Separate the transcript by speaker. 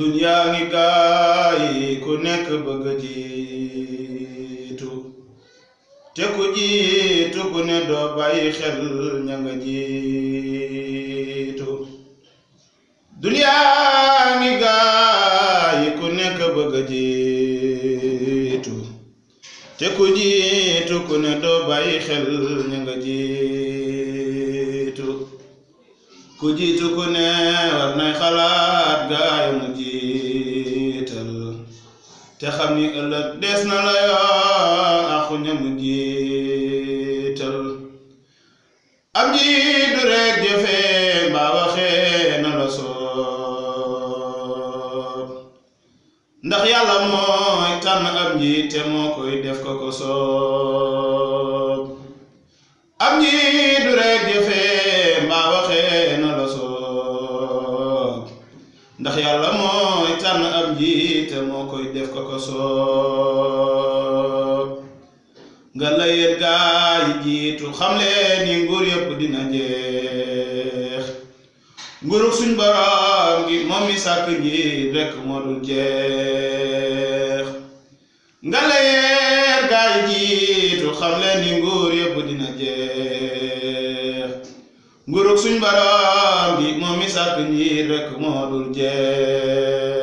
Speaker 1: dunyaa ngi gaay ku nekk bëgg jiitu te ku jiitu ku ne doo xel ña nga jiitu dunyaa ngi gaay ku nekk bëgg jiitu te ku jiitu ku ne doo xel ña jiitu ku jiitu ku ne war nay xalaat gaayu mu jiital te xam ni ëllëg des na la yoo axu ña mu jiital
Speaker 2: ab jiit du rek
Speaker 1: jëfee mbaa na la soob ndax yàlla mooy tànn ab jiite moo koy def ko ko soob ndax yàlla mooy tànn am njiite moo koy def ko ko soob nga layeen gaa jiitu xam leen ni nguur yëpp dina jeex nguurug suñ borom gi moom mi sàkk njiit rekk moo dul jeex nga layeen gaa jiitu xam leen ni nguur yëpp dina jeex nguurug suñ boroom gi moom mi sàkk njiit rekk moo dul jeex